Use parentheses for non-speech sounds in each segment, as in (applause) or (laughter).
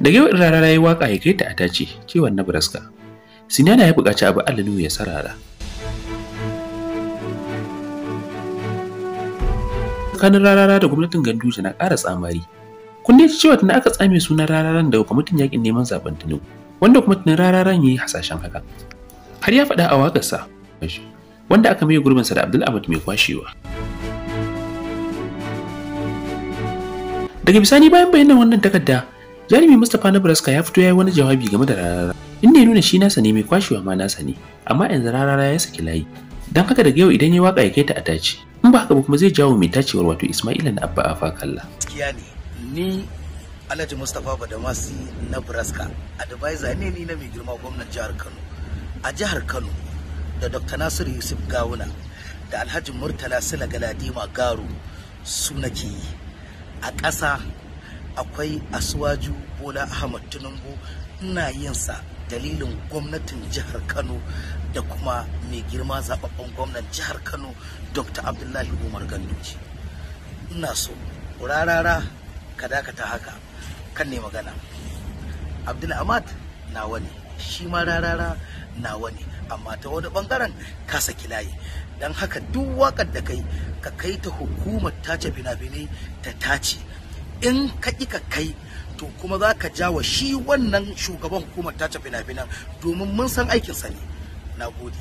daga yau rara ya yi waka ya kai ta a tace na nebraska sinana ya buƙaci abu alalu ya sarara tsakanin rarara da gwamnatin ganduje na ƙara tsamari kunne ci cewa tana aka tsame sunan rararan daga kwamitin yakin neman zaben tinubu wanda kuma tunan rararan ya yi hasashen haka har ya faɗa a waƙarsa wanda aka mai gurbinsa da abdul ahmad mai kwashewa daga bisani bayan bayanan wannan takarda Jarumi Mustapha na Braska ya fito ya yi wani jawabi game da rarara. Inda ya nuna shi nasa ne mai kwashewa ma nasa ne, amma yanzu rarara ya saki layi. Don haka daga yau idan ya waka ya kai ta a tace, in ba haka ba kuma zai jawo mai tacewar wato Ismaila na Abba Afa Kalla. Gaskiya ne, ni Alhaji Mustapha Badamasi na Braska, advisor ne ni na mai girma gwamnan jihar Kano. A jihar Kano da Dr. Nasiru Yusuf Gawuna da Alhaji Murtala Sila Galadima Garu su nake yi. A ƙasa akwai asuwaju bola ahmad tinubu ina yin sa dalilin gwamnatin jihar kano da kuma mai girma zaɓaɓɓen gwamnan jihar kano dr abdullahi umar ganduji ina so rarara ka dakata haka kan ne magana abdul ahmad na wani shi ma rarara na wani amma ta wani bangaren ka saki layi don haka duk waƙar da kai ka kai ta hukumar tace fina-finai ta tace in ka ƙi ka kai to kuma za ka jawa shi wannan shugaban hukumar tace fina-finan domin mun san aikinsa ne na gode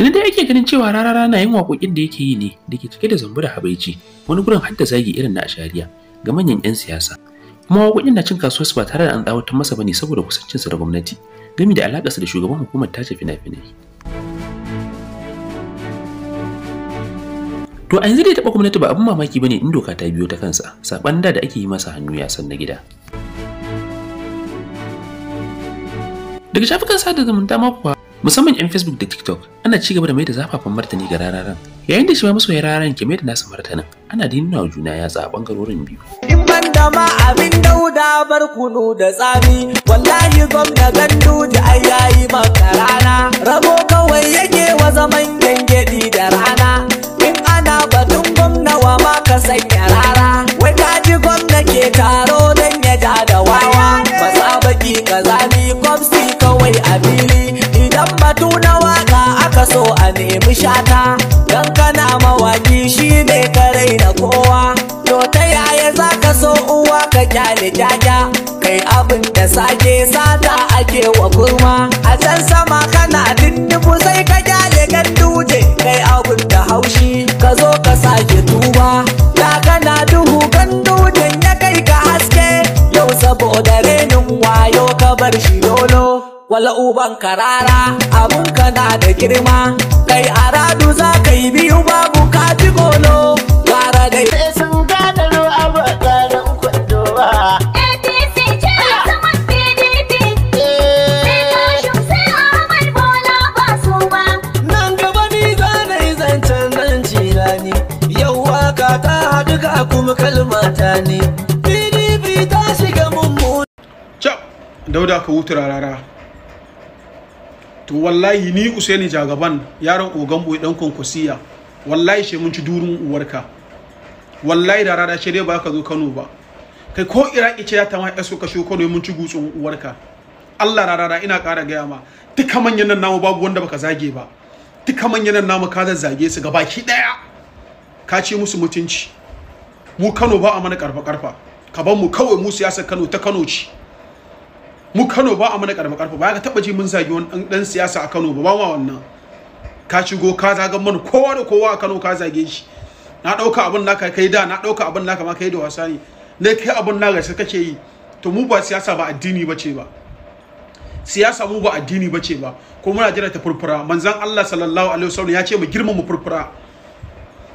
da dai ake ganin cewa rara rana yin waƙoƙin da yake yi ne da ke cike da zambu da habaici wani gurin har da zagi irin na ashariya ga manyan 'yan siyasa kuma waƙoƙin na cin kasuwarsu ba tare da an tsawatar masa bane saboda kusancinsa da gwamnati gami da alaƙarsa da shugaban hukumar tace fina-finai To a yanzu da taɓa gwamnati ba abin mamaki ba ne in doka ta biyo ta kansa, saɓan da da ake yi masa hannu ya san na gida. Daga shafukan sada zumunta ma musamman 'yan Facebook da TikTok ana ci gaba da mai da zafafan martani ga rararen. Yayin da shi ma masoya rararen ke mai da nasa martanin ana dinna wa juna yatsa a ɓangarorin biyu. In ban ma abin dauda bar da tsami wallahi gwamna gandu da ai yayi maka rana rabo kawai yake wa zaman gangedi da rana. mai taro don ya ja da wawa fasa baki kazani kwamsi kawai a fili idan batu na waka aka so a nemi shata don kana mawaki shi ne karai na kowa to ta yaya za ka so uwa ka kyale jaja kai abin da sake sata ake wa kurma la uban karara abun kana da girma kai aradu za ka yi biyu babu ka ji golo gara dai eh, sun gadaro abu a tsarin waka ta haɗu ga kuma kalmata pdp ta shiga dauda ka wuta rarara to wallahi ni usaini jagaban yaron ogan boye dan konkosiya wallahi she mun ci durin uwarka wallahi da rada she dai ba ka zo Kano ba kai ko iraki ce ya tama yaso ka ko ne mun ci gutsun uwarka Allah rada ina kara gaya ma duka manyan nan namu babu wanda baka zage ba duka manyan nan namu ka zage su gabaki daya ka ce musu mutunci mu Kano ba a mana karfa karfa ka ban mu kawai mu siyasar Kano ta Kano ci mu Kano ba a mana karfa karfa ba ka taba ji mun zagi wani dan siyasa a Kano ba ba ma wannan ka shigo ka zagan mana kowa da kowa a Kano ka zage shi na dauka abun naka kai da na dauka abun naka ma kai da wasa ne ne kai abun naka sai kake yi to mu ba siyasa ba addini bace ba siyasa mu ba addini bace ba ko muna jira ta furfura manzon Allah sallallahu alaihi wasallam ya ce mu girmama furfura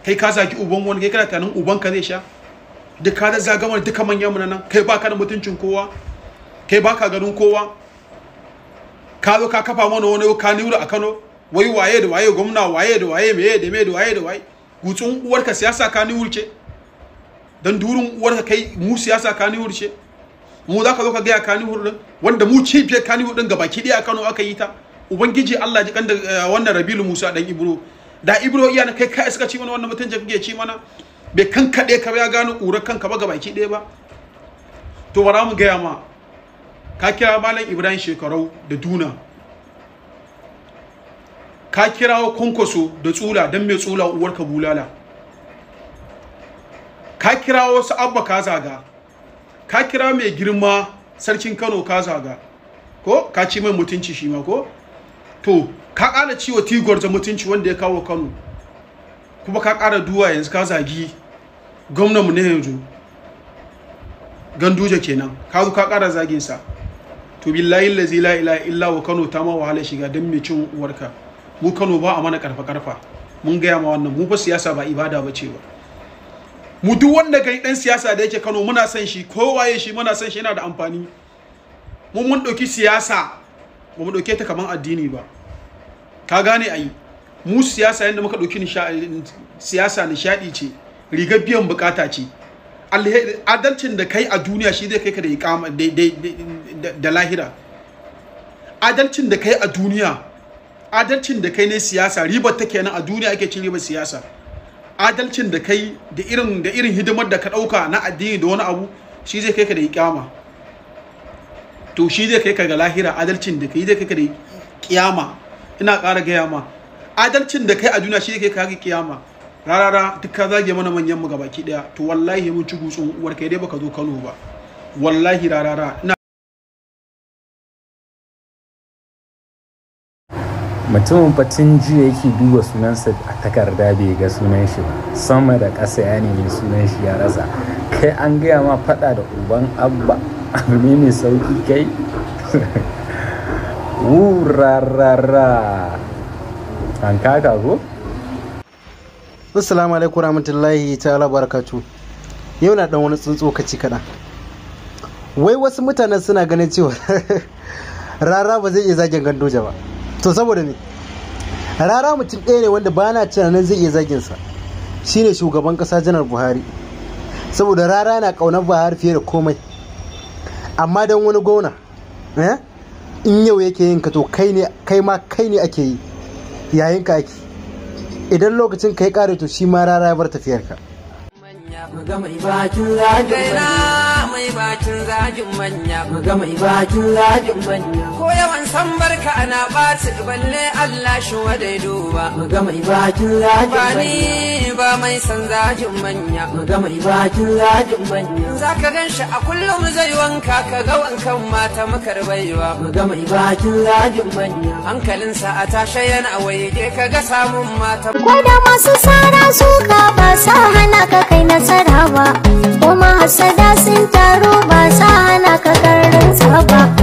kai ka zagi uban wani kai kana tanin uban ka zai sha duk ka da zagamar duka manyan mu nan kai baka da mutuncin kowa kai baka ganin kowa ka zo ka kafa mana wani ka niura a Kano wai waye da waye gwamna waye da waye meye da meye da waye da waye gutsun uwarka siyasa ka niurce dan durin uwarka kai mu siyasa ka niurce mu za ka zo ka ga ka nihur din wanda mu cibiyar ka nihur din ga baki ɗaya a Kano aka yi ta ubangiji Allah ji da eh, wannan Rabilu Musa dan Ibro da Ibro iya na kai kai suka ci mana wannan mutunci kake ci mana bai kan kaɗe ka ya gano ƙurar kanka ba ga baki ba to bara mu gaya ma ka kira malam ibrahim shekarau da duna ka kira kwankwaso da tsula don mai tsula uwar ka bulala ka kira wasu abba ka zaga ka kira mai girma sarkin kano ka zaga ko ka ci mai mutunci shi ma ko to ka ƙara ciwo tigor da mutunci wanda ya kawo kano kuma ka ƙara duwa yanzu ka zagi gwamnanmu na yanzu ganduje kenan ka zo ka ƙara zaginsa to billahi allazi la ilaha illa wa kano ta ma wahala shiga dan mai cin uwarka mu kano ba a mana karfa karfa mun gaya ma wannan mu ba siyasa ba ibada ba ce ba mu duk wanda yi dan siyasa da yake kano muna son shi kowaye shi muna son shi yana da amfani mu mun doki siyasa ba mu doke ta kamar addini ba ka gane ayi mu siyasa yadda muka ɗauki siyasa nishaɗi ce rigar biyan bukata ce adalcin da kai a duniya shi zai kai ka da ikama da lahira adalcin da kai a duniya adalcin da kai ne siyasa ribar ta kenan a duniya ake cin ribar siyasa adalcin da kai da irin da irin hidimar da ka dauka na addini da wani abu shi zai kai ka da ikama to shi zai kai ka ga lahira adalcin da kai zai kai ka da kiyama ina kara gaya ma adalcin da kai a duniya shi zai kai ka ga kiyama rarara duk ka zage mana manyan mu gabaki daya to wallahi mun ci gutsun uwar kai dai baka zo Kano ba wallahi rarara ina mutumin fatin jiya yake duba sunansa a takarda bai ga sunan shi ba sama da ƙasa ya nemi sunan shi ya rasa kai an gaya ma faɗa da uban abba abu ne sauki kai (laughs) wurarara an kaka ko assalamu alaikum rahmatullahi ta'ala barakatu yau na dan wani tsuntsu kaci kada wai wasu mutanen suna ganin cewa (laughs) rara ba zai iya zagin gandoja ba to saboda me rara mutum ɗaya ne wanda bana na tunanin zai iya zagin sa shine shugaban ƙasa janar buhari saboda rara na ƙaunar buhari fiye da komai amma don wani gona eh, in yau yake yin ka to kai ma kai ne ake yi yayin ka ake idan lokacin ka ya kare to shi ma rara ya bar tafiyar ka mai bakin zagin manya mai bakin zagin manya mai bakin zagin manya yawan san barka ana ɓaci balle Allah shi wadai duba. Ga mai bakin lajin manya. Ba ba mai san zajin manya. Ga mai bakin lajin manya. Za ka gan shi a kullum zai wanka ka ga wankan mata makar baiwa. Ga mai bakin lajin manya. Hankalinsa a tashe yana waige ka ga samun mata. Ko da masu sara suka ba sa hana ka kai nasara ba. Kuma hasada sun taro ba sa hana ka karin ba.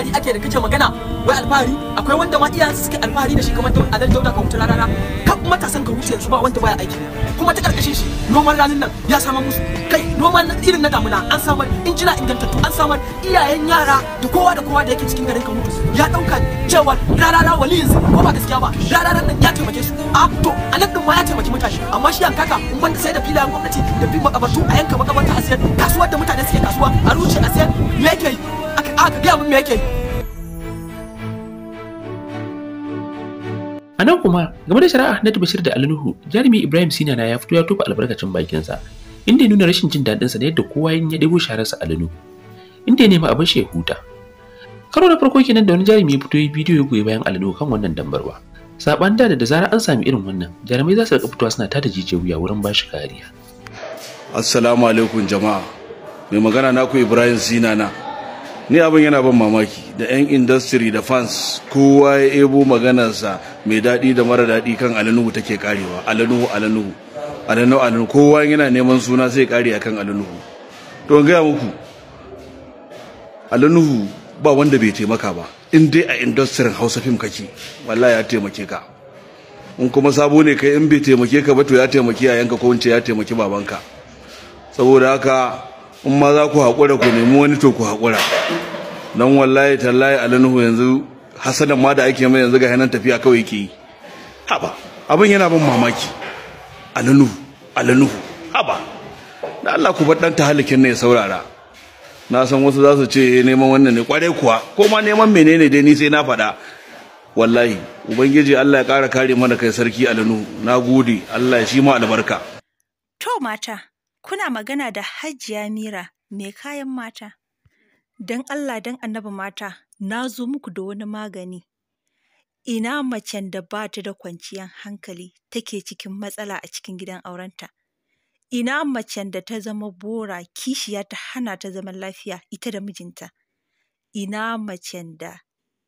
alfahari ake da kace magana wai alfahari akwai wanda ma iyayensu suke alfahari da shi kamar ta adal dauda ka wuce rana kan matasan ka wuce yanzu ba wanda baya aiki kuma ta karkashin shi noman ranin nan ya samar musu kai noman irin na damuna an samar injina ingantattu an samar iyayen yara da kowa da kowa da yake cikin garin kamutu ya dauka cewa rarara wali yanzu ko ba gaskiya ba rararan nan ya taimake su a to anan din ma ya taimaki mutane amma shi an kaka in banda sai da filayen gwamnati da bi makabartu a yanka makabarta a siyar kasuwar da mutane suke kasuwa a ruce a siyar me yake yi A nan kuma, game da shari'a na Bashir da Alinuhu, jarumi Ibrahim Sina na ya fito ya tofa albarkacin bakinsa, inda ya nuna rashin jin daɗinsa da yadda kowa ya ɗebo shararsa Alinuhu, inda ya nema abin shi ya huta. Karo na farko kenan da wani jarumi ya fito ya bidiyo ya goyi bayan Alinuhu kan wannan dambarwa. Saɓan da da zarar an sami irin wannan, jarumai za su riƙa fitowa suna tada jijiyar wuya wurin ba shi kariya. Assalamu alaikum jama'a. Mai magana naku Ibrahim Sina na? ni abin yana ban mamaki da 'yan industry da fans kowa ya ebo maganarsa mai daɗi da mara daɗi kan alanuhu take karewa alanuhu alanuhu alanuhu alanuhu kowa yana neman suna sai kare akan alanuhu to gaya muku alanuhu ba wanda bai taimaka ba in dai a industry hausa fim kake wallahi ya taimake ka in kuma sabo ne kai in bai taimake ka ba to ya taimaki yayanka ko in ce ya taimaki babanka saboda haka in ma za ku haƙura ku nemi wani to ku haƙura don wallahi tallahi alanuhu yanzu hasadan ma da ake mai yanzu ga hannun tafiya kawai ke yi haba abin yana bin mamaki alanuhu alanuhu haba da Allah ku bar ta halikin ne ya saurara na san wasu za su ce eh, neman wannan ne kwarai kuwa ko ma neman menene dai ni sai na faɗa wallahi ubangiji Allah ya ƙara kare mana kai sarki alanu na gode Allah ya shi ma albarka to mata Kuna magana da Hajiya Mira mai kayan mata. Don Allah don annabi mata, na zo muku da wani magani. Ina macen da ba ta da kwanciyar hankali take cikin matsala a cikin gidan aurenta. Ina macen da ta zama bora kishiya ta hana ta zaman lafiya ita da mijinta. Ina macen da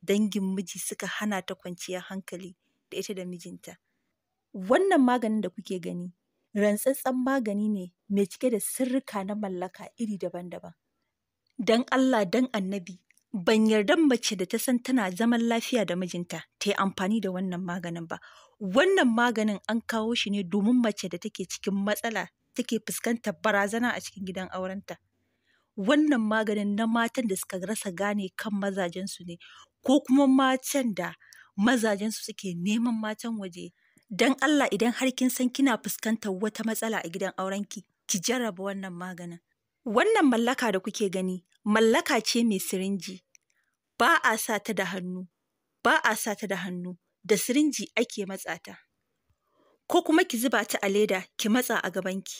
dangin miji suka hana ta kwanciyar hankali da ita da mijinta. Wannan maganin da kuke gani, rantsatsen magani ne mai cike da sirrika na mallaka iri daban-daban. Don Allah don annabi, ban yarda mace da ta san tana zaman lafiya da mijinta ta yi amfani da wannan maganin ba. Wannan maganin an kawo shi ne domin mace da take cikin matsala take fuskantar barazana a cikin gidan aurenta. Wannan maganin na matan da suka rasa gane kan mazajensu ne, ko kuma matan da mazajensu suke neman matan waje. don Allah idan har kin san kina fuskantar wata matsala a gidan aurenki ki jaraba wannan maganin. Wannan mallaka da kuke gani, mallaka ce mai sirinji. Ba a sa ta da hannu, ba a sa ta da hannu, da sirinji ake matsa ta. Ko kuma ki zuba ta a leda, ki matsa a gabanki.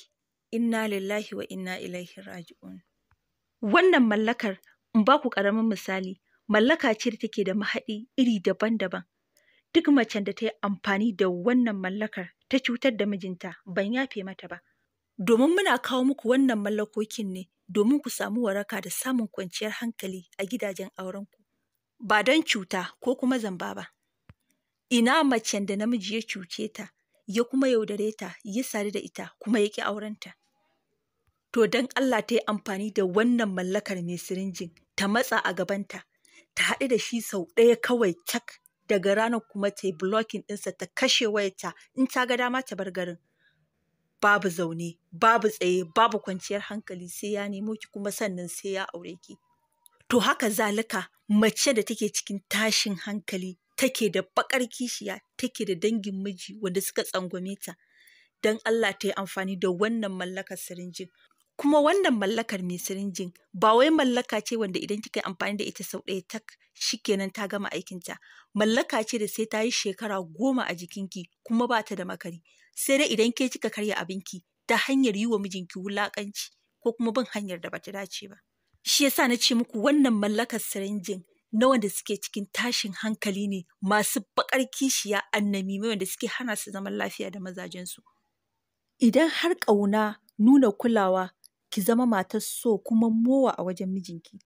Inna lillahi wa inna ilaihi raji'un. Wannan mallakar, in ba ku ƙaramin misali, mallaka ce da take da mahaɗi iri daban-daban. Duk macen da ta yi amfani da wannan mallakar ta cutar da mijinta, ban yafe mata ba. domin muna kawo muku wannan mallakokin ne domin ku samu waraka da samun kwanciyar hankali a gidajen aurenku, ba don cuta ko kuma zamba ba. Ina macen da namiji ya cuce ta, ya kuma yaudare ta, ya sadu da ita, kuma ya ƙi aurenta. To don Allah ta yi amfani da wannan mallakar mai sirinjin, ta matsa a gabanta, ta haɗu da shi sau ɗaya kawai cak daga ranar kuma ta yi blocking ɗinsa ta kashe wayata in ta ga dama ta bar garin. babu zaune babu tsaye babu kwanciyar hankali sai ya nemo ki kuma sannan sai ya aure ki to haka zalika mace da take cikin tashin hankali take da bakar kishiya take da dangin miji wanda suka tsangwame ta don Allah ta yi amfani da wannan mallakar sirinjin kuma wannan mallakar mai sirinjin ba wai mallaka ce wanda idan kika yi amfani da ita sau ɗaya tak shikenan ta gama aikinta mallaka ce da sai ta yi shekara goma a jikinki kuma ba ta da makari sai dai idan ke kika karya abinki ta hanyar yi wa mijinki wulaƙanci ko kuma bin hanyar da bata dace ba shi yasa na ce muku wannan mallakar sirinjin na wanda suke cikin tashin hankali ne masu baƙar kishiya annami wanda suke hana su zaman lafiya da mazajensu idan har ƙauna nuna kulawa ki zama matar so kuma mowa a wajen mijinki